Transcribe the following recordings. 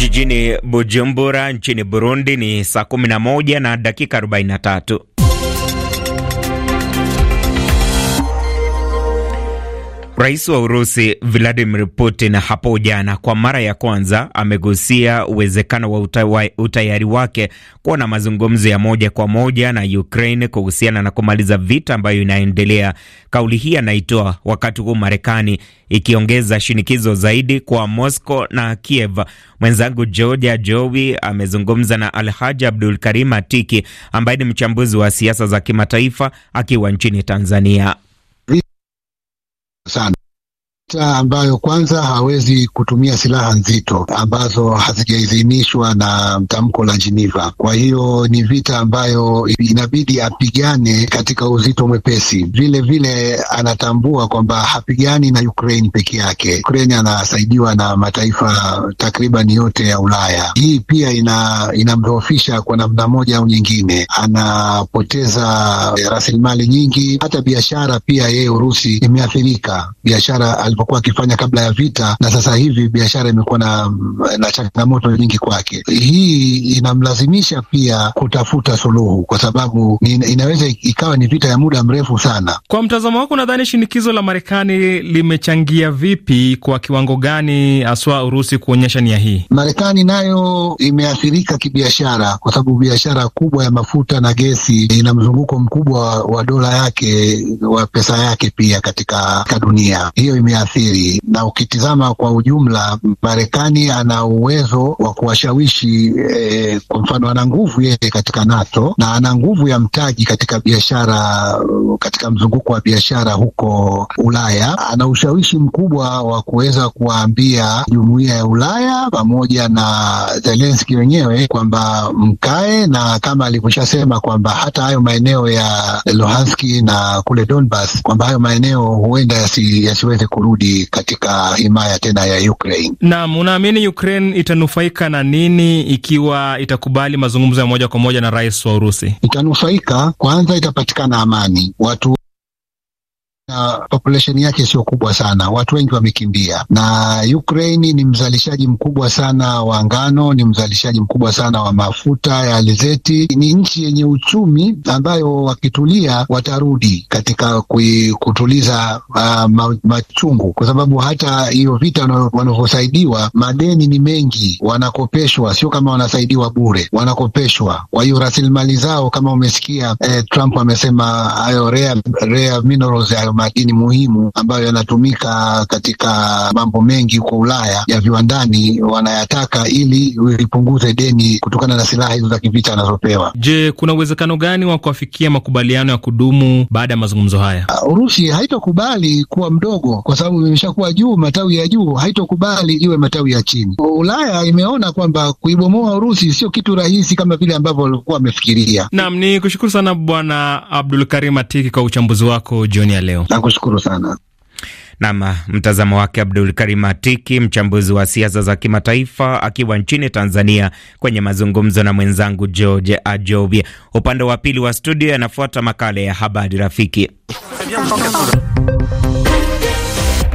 Jijini Bujumbura nchini Burundi ni saa 11 na dakika 43. Rais wa Urusi Vladimir Putin hapo jana kwa mara ya kwanza amegusia uwezekano wa utayari wake kuwa na mazungumzo ya moja kwa moja na Ukraine kuhusiana na kumaliza vita ambayo inaendelea. Kauli hii anaitoa wakati huu Marekani ikiongeza shinikizo zaidi kwa Moscow na Kiev. Mwenzangu Georgia Jowi amezungumza na Alhaji Abdul Karim Atiki ambaye ni mchambuzi wa siasa za kimataifa akiwa nchini Tanzania. Sound. ambayo kwanza hawezi kutumia silaha nzito ambazo hazijaidhinishwa na tamko la Geneva. Kwa hiyo ni vita ambayo inabidi apigane katika uzito mwepesi. Vile vile anatambua kwamba hapigani na Ukraine peke yake. Ukraine anasaidiwa na mataifa takriban yote ya Ulaya. Hii pia ina inamdhoofisha kwa namna moja au nyingine, anapoteza rasilimali nyingi, hata biashara pia. Yeye Urusi imeathirika biashara alivyokuwa akifanya kabla ya vita, na sasa hivi biashara imekuwa na, na changamoto nyingi kwake. Hii inamlazimisha pia kutafuta suluhu, kwa sababu inaweza ikawa ni vita ya muda mrefu sana. Kwa mtazamo wako, nadhani shinikizo la Marekani limechangia vipi, kwa kiwango gani haswa Urusi kuonyesha nia hii? Marekani nayo imeathirika kibiashara, kwa sababu biashara kubwa ya mafuta na gesi ina mzunguko mkubwa wa dola yake wa pesa yake pia katika dunia hiyo athiri. Na ukitizama kwa ujumla, Marekani ana uwezo wa kuwashawishi eh, kwa mfano ana nguvu yeye katika NATO na ana nguvu ya mtaji katika biashara, katika mzunguko wa biashara huko Ulaya. Ana ushawishi mkubwa wa kuweza kuwaambia jumuiya ya Ulaya pamoja na Zelenski wenyewe kwamba mkae, na kama alivyoshasema kwamba hata hayo maeneo ya Luhanski na kule Donbas kwamba hayo maeneo huenda yasiweze yasi kurudi kurudi katika himaya tena ya Ukraine. Naam, unaamini Ukraine itanufaika na nini ikiwa itakubali mazungumzo ya moja kwa moja na rais wa Urusi? Itanufaika kwanza, itapatikana amani watu na population yake sio kubwa sana, watu wengi wamekimbia, na Ukraine ni mzalishaji mkubwa sana wa ngano, ni mzalishaji mkubwa sana wa mafuta ya alizeti. Ni nchi yenye uchumi ambayo wakitulia watarudi katika kui, kutuliza uh, machungu, kwa sababu hata hiyo vita wanavyosaidiwa, madeni ni mengi, wanakopeshwa, sio kama wanasaidiwa bure, wanakopeshwa. Kwa hiyo rasilimali zao kama umesikia eh, Trump amesema hayo rare, rare minerals hayo madini muhimu ambayo yanatumika katika mambo mengi huko Ulaya ya viwandani, wanayataka ili ipunguze deni kutokana na silaha hizo za kivita anazopewa Je, kuna uwezekano gani wa kuafikia makubaliano ya kudumu baada ya mazungumzo haya? Ah, Urusi haitokubali kuwa mdogo kwa sababu imeshakuwa juu, matawi ya juu, haitokubali iwe matawi ya chini. Ulaya imeona kwamba kuibomoa Urusi sio kitu rahisi kama vile ambavyo walikuwa wamefikiria. Naam, ni kushukuru sana Bwana Abdul Karim Atiki kwa uchambuzi wako jioni ya leo. Nakushukuru sana. Nam mtazamo wake Abdul Karim Atiki, mchambuzi wa siasa za kimataifa akiwa nchini Tanzania, kwenye mazungumzo na mwenzangu George Ajobi. Upande wa pili wa studio yanafuata makala ya habari rafiki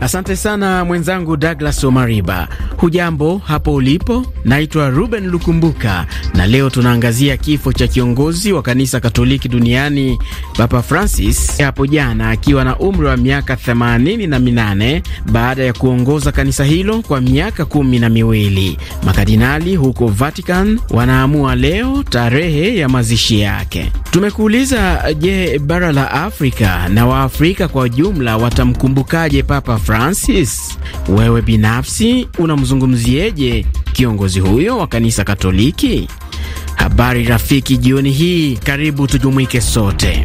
Asante sana mwenzangu Douglas Omariba. Hujambo hapo ulipo? Naitwa Ruben Lukumbuka na leo tunaangazia kifo cha kiongozi wa kanisa Katoliki duniani Papa Francis hapo jana akiwa na umri wa miaka 88 baada ya kuongoza kanisa hilo kwa miaka kumi na miwili. makadinali huko Vatican wanaamua leo tarehe ya mazishi yake. Tumekuuliza, je, bara la Afrika na Waafrika kwa jumla watamkumbukaje Papa Francis, wewe binafsi unamzungumzieje kiongozi huyo wa kanisa Katoliki? Habari rafiki, jioni hii karibu tujumuike sote.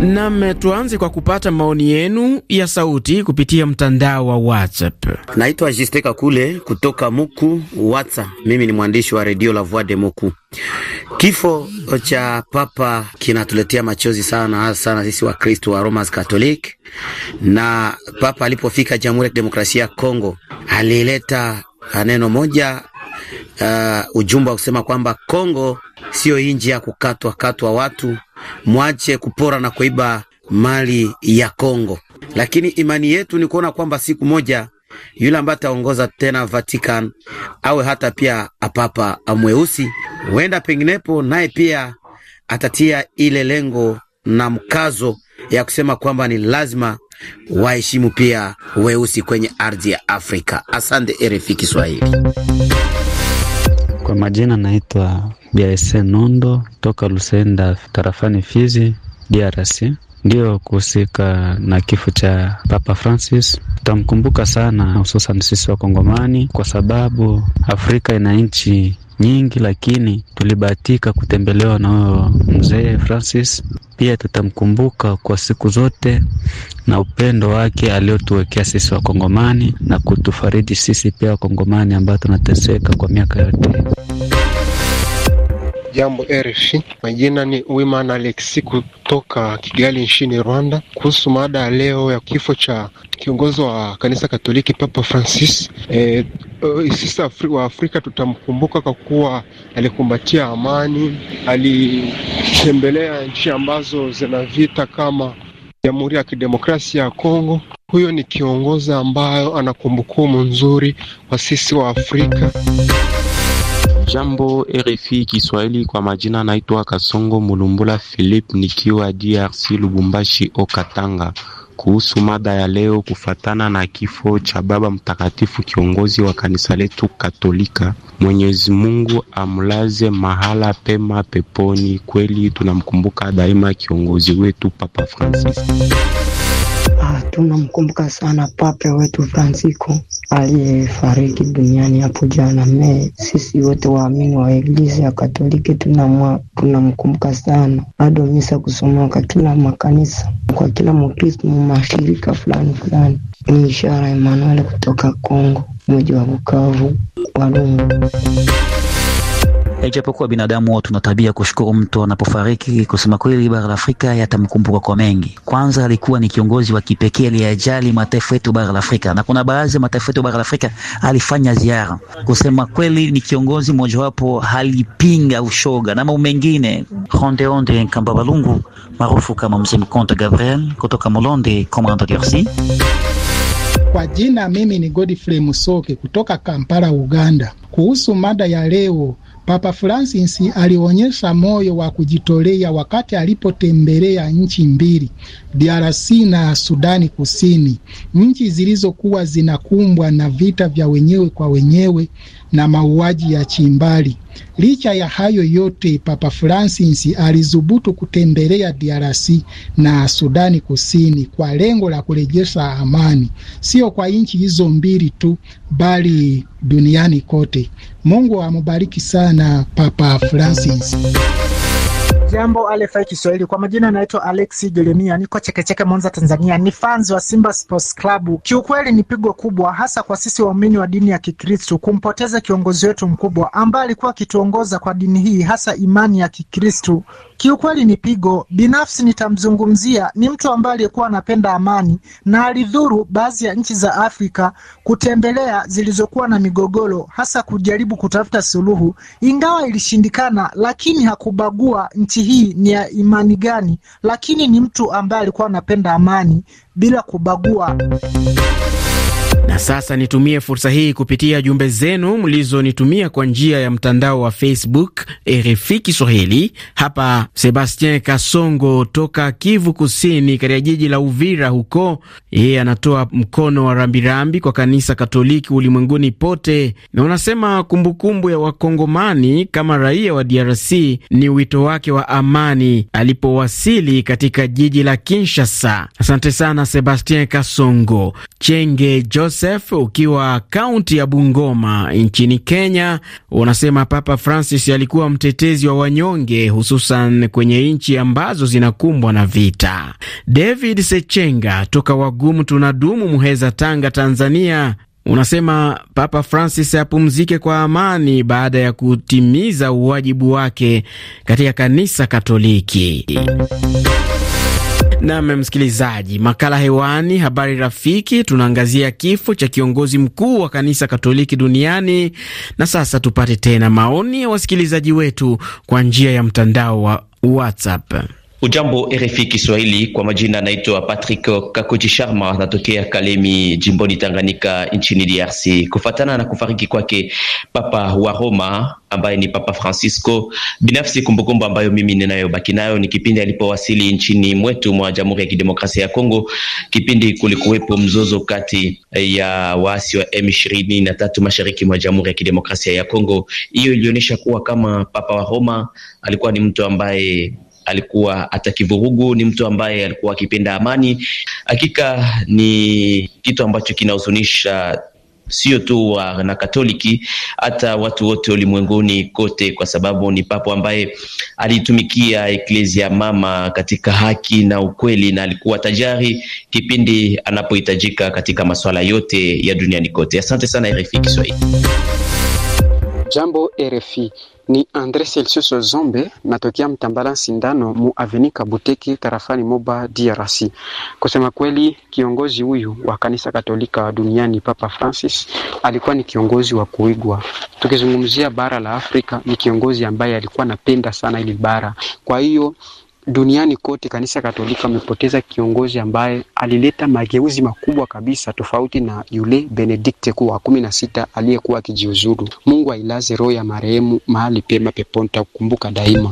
Nam, tuanze kwa kupata maoni yenu ya sauti kupitia mtandao wa WhatsApp. Naitwa Jisteka Kakule kutoka Muku WhatsApp. Mimi ni mwandishi wa redio La Voix de Muku. Kifo cha Papa kinatuletea machozi sana, hasa sana sisi Wakristo wa Romas Catholic. Na Papa alipofika Jamhuri ya Kidemokrasia ya Kongo alileta neno moja uh, ujumbe wa kusema kwamba Kongo siyo inji ya kukatwa katwa watu mwache kupora na kuiba mali ya Kongo. Lakini imani yetu ni kuona kwamba siku moja yule ambaye ataongoza tena Vatican awe hata pia apapa amweusi, huenda penginepo naye pia atatia ile lengo na mkazo ya kusema kwamba ni lazima waheshimu pia weusi kwenye ardhi ya Afrika. Asante RFI Kiswahili. Kwa majina naitwa Biase Nondo toka Lusenda tarafani Fizi, DRC. Ndiyo kuhusika na kifo cha Papa Francis tutamkumbuka sana, hususan sisi Wakongomani, kwa sababu Afrika ina nchi nyingi, lakini tulibahatika kutembelewa na huyo mzee Francis. Pia tutamkumbuka kwa siku zote na upendo wake aliotuwekea sisi Wakongomani na kutufariji sisi pia Wakongomani ambao tunateseka kwa miaka yote. Jambo RF. majina ni Wiman Alexi kutoka Kigali nchini Rwanda, kuhusu mada ya leo ya kifo cha kiongozi wa kanisa Katoliki Papa Francis. E, sisi Afri, wa Afrika tutamkumbuka kwa kuwa alikumbatia amani, alitembelea nchi ambazo zina vita kama Jamhuri ya Kidemokrasia ya Kongo. Huyo ni kiongozi ambayo ana kumbukumbu nzuri kwa sisi wa Afrika. Jambo RFI Kiswahili, kwa majina naitwa Kasongo Mulumbula Philip nikiwa DRC Lubumbashi Okatanga, kuhusu mada ya leo, kufatana na kifo cha Baba Mtakatifu, kiongozi wa kanisa letu Katolika, Mwenyezi Mungu amlaze mahala pema peponi. Kweli tunamkumbuka daima kiongozi wetu Papa Francis. Ah, tunamkumbuka sana pape wetu Francisco aliyefariki duniani hapo jana Mei. Sisi wote waamini wa Eglise ya Katoliki tunamkumbuka tuna sana, bado misa kusomwa kwa kila makanisa, kwa kila Mkristo mashirika fulani fulani. Ni ishara Emanuel kutoka Kongo, mji wa Bukavu, Walungu. Ijapokuwa binadamu wote tuna tabia kushukuru mtu anapofariki, kusema kweli, bara la Afrika yatamkumbuka kwa mengi. Kwanza alikuwa ni kiongozi wa kipekee aliyejali mataifa yetu bara la Afrika, na kuna baadhi ya mataifa yetu bara la Afrika alifanya ziara. Kusema kweli, ni kiongozi mmojawapo halipinga ushoga na mambo mengine. Ronde Honde Nkamba Balungu maarufu kama Mzee Mkonta Gabriel kutoka Molonde, Komanda DRC. Kwa jina mimi ni Godfrey Musoke kutoka Kampala, Uganda. Kuhusu mada ya leo Papa Francis alionyesha moyo wa kujitolea wakati alipotembelea nchi mbili, DRC na Sudani Kusini, nchi zilizokuwa zinakumbwa na vita vya wenyewe kwa wenyewe na mauaji ya Chimbali. Licha ya hayo yote, Papa Francis alizubutu kutembelea DRC na Sudani Kusini kwa lengo la kurejesha amani, sio kwa nchi hizo mbili tu, bali duniani kote. Mungu amubariki sana Papa Francis. Jambo alefai Kiswahili, kwa majina naitwa Alexi Jeremia, niko Chekecheke, Mwanza, Tanzania. Ni fans wa Simba Sports Club. Kiukweli ni pigo kubwa, hasa kwa sisi waumini wa dini ya Kikristu kumpoteza kiongozi wetu mkubwa ambaye alikuwa akituongoza kwa dini hii, hasa imani ya Kikristu Kiukweli ni pigo. Binafsi nitamzungumzia, ni mtu ambaye aliyekuwa anapenda amani na alidhuru baadhi ya nchi za Afrika kutembelea zilizokuwa na migogoro, hasa kujaribu kutafuta suluhu, ingawa ilishindikana, lakini hakubagua nchi hii ni ya imani gani, lakini ni mtu ambaye alikuwa anapenda amani bila kubagua. Na sasa nitumie fursa hii kupitia jumbe zenu mlizonitumia kwa njia ya mtandao wa Facebook RFI Kiswahili. Hapa Sebastien Kasongo toka Kivu Kusini, katika jiji la Uvira huko, yeye anatoa mkono wa rambirambi kwa kanisa Katoliki ulimwenguni pote, na unasema kumbukumbu ya Wakongomani kama raia wa DRC ni wito wake wa amani alipowasili katika jiji la Kinshasa. Asante sana Sebastien Kasongo Chenge Joseph Joseph ukiwa kaunti ya Bungoma nchini Kenya, unasema Papa Francis alikuwa mtetezi wa wanyonge, hususan kwenye nchi ambazo zinakumbwa na vita. David Sechenga toka Wagumu tunadumu Muheza, Tanga, Tanzania, unasema Papa Francis apumzike kwa amani baada ya kutimiza uwajibu wake katika kanisa Katoliki. Nam msikilizaji, makala hewani, habari rafiki, tunaangazia kifo cha kiongozi mkuu wa kanisa Katoliki duniani. Na sasa tupate tena maoni ya wasikilizaji wetu kwa njia ya mtandao wa WhatsApp. Ujambo RFI Kiswahili, kwa majina anaitwa Patrick Kakoji Sharma, anatokea Kalemi jimboni Tanganyika nchini DRC. Kufatana na kufariki kwake Papa wa Roma ambaye ni Papa Francisco, binafsi kumbukumbu ambayo mimi ninayobaki nayo ni kipindi alipowasili nchini mwetu mwa Jamhuri ya Kidemokrasia ya Kongo, kipindi kulikuwepo mzozo kati ya waasi wa M23 mashariki mwa Jamhuri ya Kidemokrasia ya Kongo. Hiyo ilionyesha kuwa kama Papa wa Roma alikuwa ni mtu ambaye alikuwa atakivurugu. Ni mtu ambaye alikuwa akipenda amani. Hakika ni kitu ambacho kinahuzunisha sio tu wana Katoliki, hata watu wote ulimwenguni kote, kwa sababu ni papo ambaye alitumikia eklezia mama katika haki na ukweli, na alikuwa tajari kipindi anapohitajika katika masuala yote ya duniani kote. Asante sana RFI Kiswahili. Jambo RFI. Ni Andre Celsius Zombe natokea Mtambala Sindano mu Aveni Kabuteki tarafani Moba DRC. Kusema kweli, kiongozi huyu wa kanisa Katolika duniani Papa Francis alikuwa ni kiongozi wa kuigwa. Tukizungumzia bara la Afrika, ni kiongozi ambaye alikuwa anapenda sana ili bara, kwa hiyo Duniani kote kanisa Katoliki amepoteza kiongozi ambaye alileta mageuzi makubwa kabisa, tofauti na yule Benedikte kuu wa kumi na sita aliyekuwa akijiuzuru. Mungu ailaze roho ya marehemu mahali pema peponi, takukumbuka daima.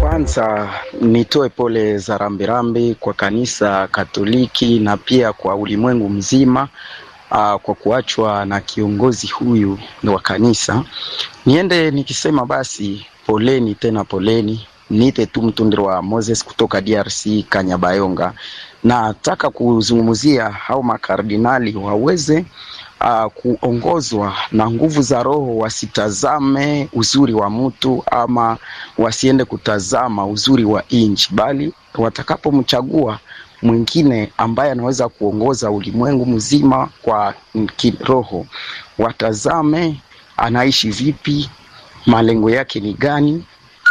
Kwanza nitoe pole za rambirambi kwa kanisa Katoliki na pia kwa ulimwengu mzima aa, ah, kwa kuachwa na kiongozi huyu wa kanisa. Niende nikisema basi poleni tena poleni Niite tu mtundiro wa Moses kutoka DRC Kanyabayonga, na kuzungumzia hao makardinali waweze uh, kuongozwa na nguvu za Roho, wasitazame uzuri wa mtu ama wasiende kutazama uzuri wa nchi, bali watakapomchagua mwingine ambaye anaweza kuongoza ulimwengu mzima kwa kiroho, watazame anaishi vipi, malengo yake ni gani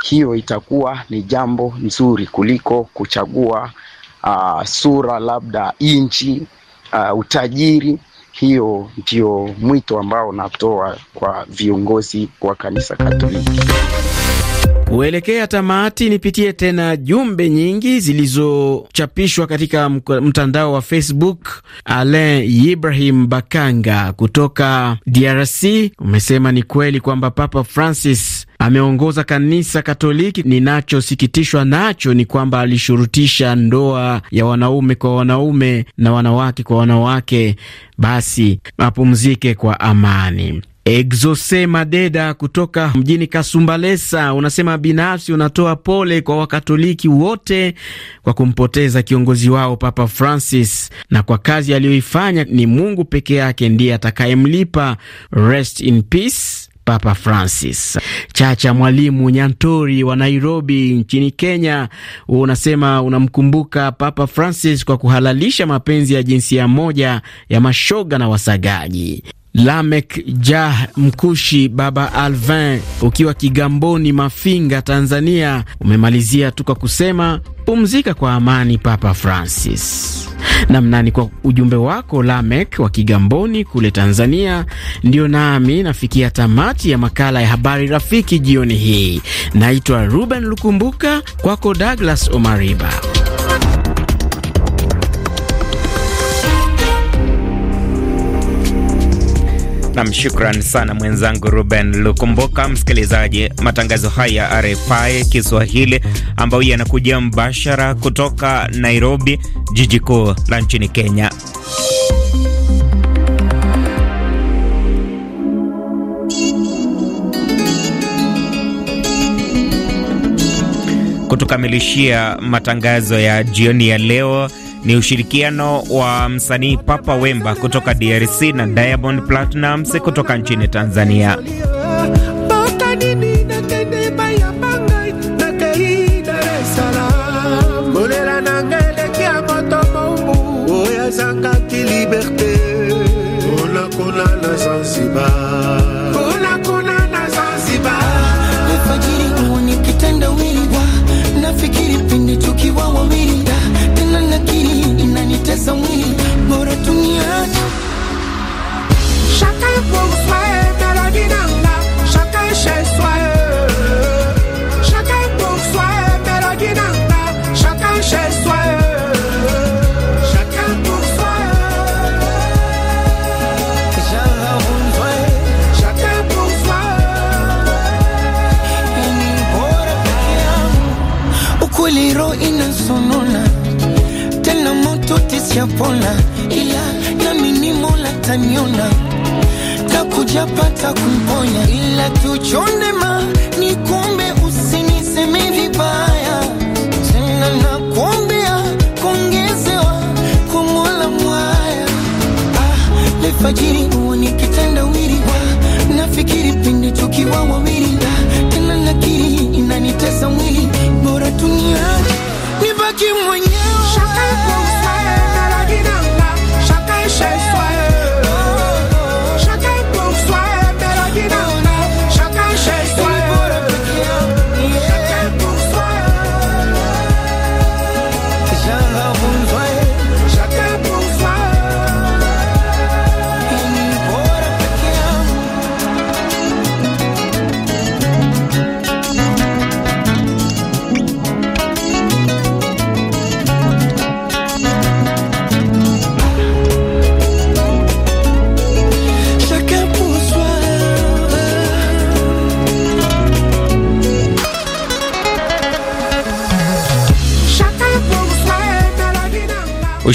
hiyo itakuwa ni jambo nzuri kuliko kuchagua uh, sura labda inchi uh, utajiri. Hiyo ndio mwito ambao natoa kwa viongozi wa kanisa Katoliki. Kuelekea tamati, nipitie tena jumbe nyingi zilizochapishwa katika mtandao wa Facebook. Alain Ibrahim Bakanga kutoka DRC umesema ni kweli kwamba Papa Francis ameongoza kanisa Katoliki. Ninachosikitishwa nacho ni kwamba alishurutisha ndoa ya wanaume kwa wanaume na wanawake kwa wanawake, basi apumzike kwa amani. Exose Madeda kutoka mjini Kasumbalesa unasema binafsi unatoa pole kwa Wakatoliki wote kwa kumpoteza kiongozi wao Papa Francis, na kwa kazi aliyoifanya ni Mungu peke yake ndiye atakayemlipa. Rest in peace Papa Francis. Chacha Mwalimu Nyantori wa Nairobi nchini Kenya unasema unamkumbuka Papa Francis kwa kuhalalisha mapenzi ya jinsia moja ya mashoga na wasagaji. Lamek Jah Mkushi Baba Alvin, ukiwa Kigamboni Mafinga, Tanzania, umemalizia tu kwa kusema pumzika kwa amani Papa Francis. Namnani kwa ujumbe wako Lamek wa Kigamboni kule Tanzania. Ndiyo nami nafikia tamati ya makala ya habari rafiki jioni hii. Naitwa Ruben Lukumbuka, kwako Douglas Omariba. Nam, shukran sana mwenzangu Ruben Lukumbuka. Msikilizaji, matangazo haya ya RFI Kiswahili ambayo yanakuja mbashara kutoka Nairobi, jiji kuu la nchini Kenya. Kutukamilishia matangazo ya jioni ya leo ni ushirikiano wa msanii Papa Wemba kutoka DRC na Diamond Platnumz kutoka nchini Tanzania. sijapona, ila namini Mola taniona, pata kumponya, ila tuchondema ni kumbe, usiniseme vibaya tena, na kuongezewa kwa Mola mwaya ah, lefajiri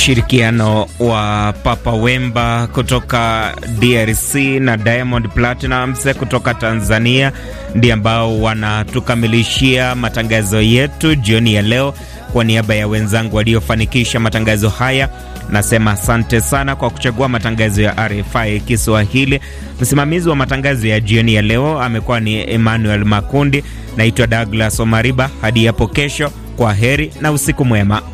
ushirikiano wa Papa Wemba kutoka DRC na Diamond Platinums kutoka Tanzania ndi ambao wanatukamilishia matangazo yetu jioni ya leo. Kwa niaba ya wenzangu waliofanikisha matangazo haya, nasema asante sana kwa kuchagua matangazo ya RFI Kiswahili. Msimamizi wa matangazo ya jioni ya leo amekuwa ni Emmanuel Makundi. Naitwa Douglas Omariba. Hadi hapo kesho, kwa heri na usiku mwema.